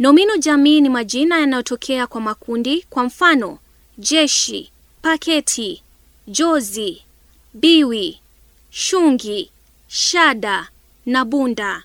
Nomino jamii ni majina yanayotokea kwa makundi, kwa mfano jeshi, paketi, jozi, biwi, shungi, shada na bunda.